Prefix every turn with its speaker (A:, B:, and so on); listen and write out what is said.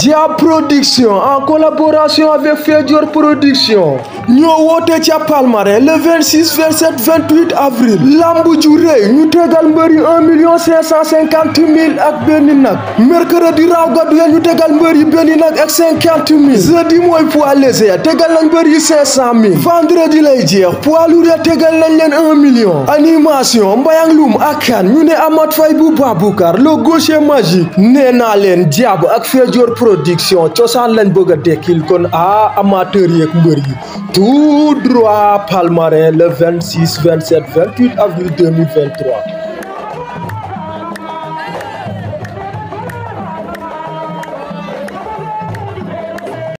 A: Dia Production en collaboration avec Fedor Production ñoo été à Palmaré le 26 27 28 avril lamb nous avons ñu à 1 million 550 mille ak mercredi raw gàddu à ñu de mbëri ak 50 mille jeudi mooy poids léger mille vendredi nous avons poids lourd ya 1 million animation mbayang lum ak kan ñu logo Amat Fay bu magique LEN, Diab ak Fedior Production production lañ bëgg kon a amateur tout droit palmarès le 26 27 28 avril 2023